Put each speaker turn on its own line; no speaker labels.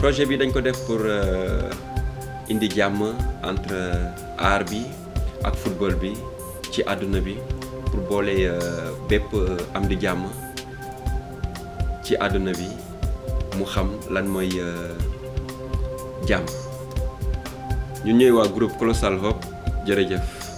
projet bi dañ ko def pour euh, indi jàmm entre art bi ak football bi ci àdduna bi pour boole euh, bépp euh, am di jàmm ci àdduna bi mu xam lan mooy jàmm ñu ñooy waa groupe Colossal Hope jërëjëf.